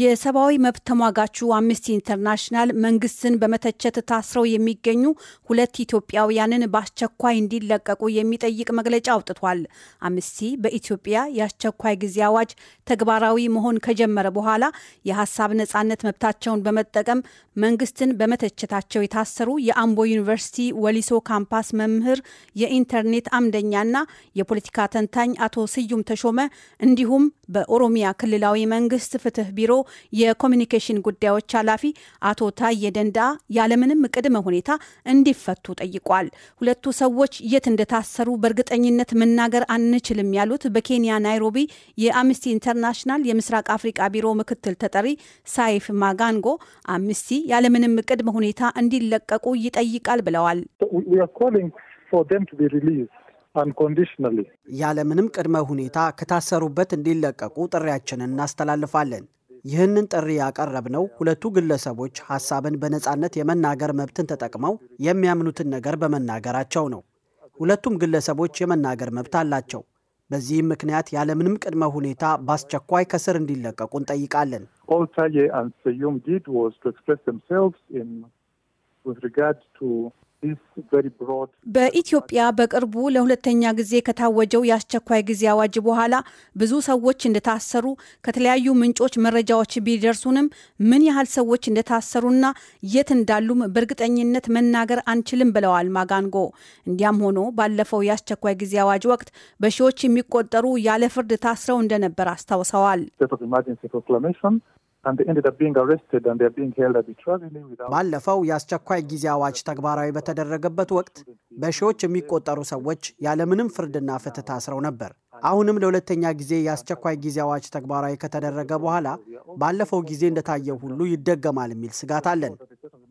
የሰብአዊ መብት ተሟጋቹ አምነስቲ ኢንተርናሽናል መንግስትን በመተቸት ታስረው የሚገኙ ሁለት ኢትዮጵያውያንን በአስቸኳይ እንዲለቀቁ የሚጠይቅ መግለጫ አውጥቷል። አምነስቲ በኢትዮጵያ የአስቸኳይ ጊዜ አዋጅ ተግባራዊ መሆን ከጀመረ በኋላ የሀሳብ ነጻነት መብታቸውን በመጠቀም መንግስትን በመተቸታቸው የታሰሩ የአምቦ ዩኒቨርሲቲ ወሊሶ ካምፓስ መምህር የኢንተርኔት አምደኛና የፖለቲካ ተንታኝ አቶ ስዩም ተሾመ እንዲሁም በኦሮሚያ ክልላዊ መንግስት ፍትህ ቢሮ የኮሚኒኬሽን ጉዳዮች ኃላፊ አቶ ታዬ ደንዳ ያለምንም ቅድመ ሁኔታ እንዲፈቱ ጠይቋል። ሁለቱ ሰዎች የት እንደታሰሩ በእርግጠኝነት መናገር አንችልም ያሉት በኬንያ ናይሮቢ የአምስቲ ኢንተርናሽናል የምስራቅ አፍሪቃ ቢሮ ምክትል ተጠሪ ሳይፍ ማጋንጎ አምስቲ ያለምንም ቅድመ ሁኔታ እንዲለቀቁ ይጠይቃል ብለዋል። ያለምንም ቅድመ ሁኔታ ከታሰሩበት እንዲለቀቁ ጥሪያችንን እናስተላልፋለን። ይህንን ጥሪ ያቀረብ ነው። ሁለቱ ግለሰቦች ሐሳብን በነጻነት የመናገር መብትን ተጠቅመው የሚያምኑትን ነገር በመናገራቸው ነው። ሁለቱም ግለሰቦች የመናገር መብት አላቸው። በዚህም ምክንያት ያለምንም ቅድመ ሁኔታ በአስቸኳይ ከስር እንዲለቀቁ እንጠይቃለን። በኢትዮጵያ በቅርቡ ለሁለተኛ ጊዜ ከታወጀው የአስቸኳይ ጊዜ አዋጅ በኋላ ብዙ ሰዎች እንደታሰሩ ከተለያዩ ምንጮች መረጃዎች ቢደርሱንም ምን ያህል ሰዎች እንደታሰሩና የት እንዳሉም በእርግጠኝነት መናገር አንችልም ብለዋል ማጋንጎ። እንዲያም ሆኖ ባለፈው የአስቸኳይ ጊዜ አዋጅ ወቅት በሺዎች የሚቆጠሩ ያለ ፍርድ ታስረው እንደነበር አስታውሰዋል። ባለፈው የአስቸኳይ ጊዜ አዋጅ ተግባራዊ በተደረገበት ወቅት በሺዎች የሚቆጠሩ ሰዎች ያለምንም ፍርድና ፍትህ ታስረው ነበር። አሁንም ለሁለተኛ ጊዜ የአስቸኳይ ጊዜ አዋጅ ተግባራዊ ከተደረገ በኋላ ባለፈው ጊዜ እንደታየው ሁሉ ይደገማል የሚል ስጋት አለን።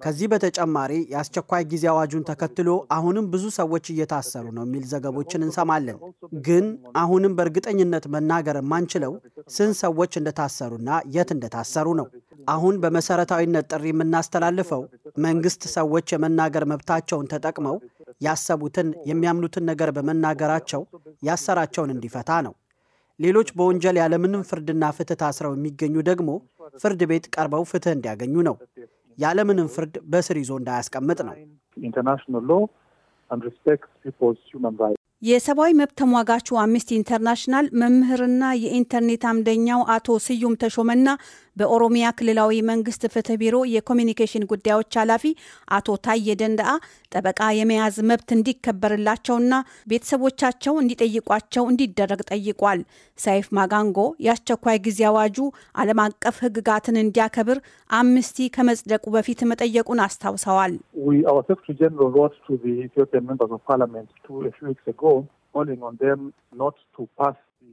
ከዚህ በተጨማሪ የአስቸኳይ ጊዜ አዋጁን ተከትሎ አሁንም ብዙ ሰዎች እየታሰሩ ነው የሚል ዘገቦችን እንሰማለን። ግን አሁንም በእርግጠኝነት መናገር የማንችለው ስንት ሰዎች እንደታሰሩና የት እንደታሰሩ ነው። አሁን በመሰረታዊነት ጥሪ የምናስተላልፈው መንግስት ሰዎች የመናገር መብታቸውን ተጠቅመው ያሰቡትን የሚያምኑትን ነገር በመናገራቸው ያሰራቸውን እንዲፈታ ነው። ሌሎች በወንጀል ያለምንም ፍርድና ፍትህ ታስረው የሚገኙ ደግሞ ፍርድ ቤት ቀርበው ፍትህ እንዲያገኙ ነው። ያለምንም ፍርድ በስር ይዞ እንዳያስቀምጥ ነው። ኢንተርናሽናል ሎ ሪስፔክት የሰብአዊ መብት ተሟጋቹ አምነስቲ ኢንተርናሽናል መምህርና የኢንተርኔት አምደኛው አቶ ስዩም ተሾመና በኦሮሚያ ክልላዊ መንግስት ፍትህ ቢሮ የኮሚኒኬሽን ጉዳዮች ኃላፊ አቶ ታየ ደንዳአ ጠበቃ የመያዝ መብት እንዲከበርላቸውና ቤተሰቦቻቸው እንዲጠይቋቸው እንዲደረግ ጠይቋል። ሳይፍ ማጋንጎ የአስቸኳይ ጊዜ አዋጁ ዓለም አቀፍ ህግጋትን እንዲያከብር አምነስቲ ከመጽደቁ በፊት መጠየቁን አስታውሰዋል።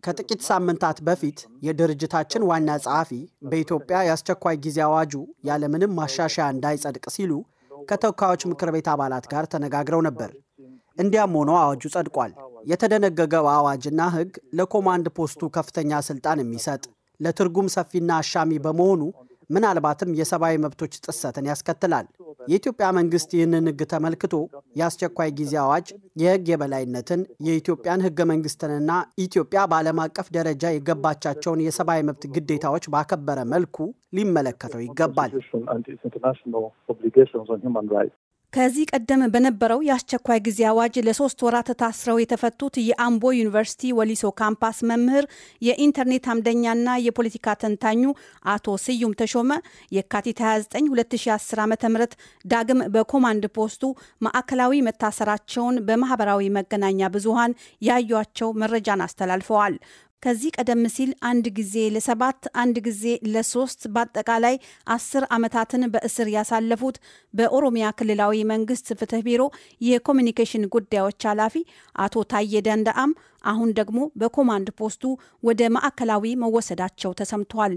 ከጥቂት ሳምንታት በፊት የድርጅታችን ዋና ጸሐፊ በኢትዮጵያ የአስቸኳይ ጊዜ አዋጁ ያለምንም ማሻሻያ እንዳይጸድቅ ሲሉ ከተወካዮች ምክር ቤት አባላት ጋር ተነጋግረው ነበር። እንዲያም ሆኖ አዋጁ ጸድቋል። የተደነገገው አዋጅና ሕግ ለኮማንድ ፖስቱ ከፍተኛ ስልጣን የሚሰጥ ለትርጉም ሰፊና አሻሚ በመሆኑ ምናልባትም የሰብአዊ መብቶች ጥሰትን ያስከትላል። የኢትዮጵያ መንግስት ይህንን ህግ ተመልክቶ የአስቸኳይ ጊዜ አዋጅ የህግ የበላይነትን የኢትዮጵያን ህገ መንግስትንና ኢትዮጵያ በዓለም አቀፍ ደረጃ የገባቻቸውን የሰብአዊ መብት ግዴታዎች ባከበረ መልኩ ሊመለከተው ይገባል። ከዚህ ቀደም በነበረው የአስቸኳይ ጊዜ አዋጅ ለሶስት ወራት ታስረው የተፈቱት የአምቦ ዩኒቨርሲቲ ወሊሶ ካምፓስ መምህር የኢንተርኔት አምደኛና የፖለቲካ ተንታኙ አቶ ስዩም ተሾመ የካቲት 29 2010 ዓ ም ዳግም በኮማንድ ፖስቱ ማዕከላዊ መታሰራቸውን በማህበራዊ መገናኛ ብዙሃን ያዩቸው መረጃን አስተላልፈዋል። ከዚህ ቀደም ሲል አንድ ጊዜ ለሰባት አንድ ጊዜ ለሶስት በአጠቃላይ አስር ዓመታትን በእስር ያሳለፉት በኦሮሚያ ክልላዊ መንግስት ፍትህ ቢሮ የኮሚኒኬሽን ጉዳዮች ኃላፊ አቶ ታየ ደንደአም አሁን ደግሞ በኮማንድ ፖስቱ ወደ ማዕከላዊ መወሰዳቸው ተሰምቷል።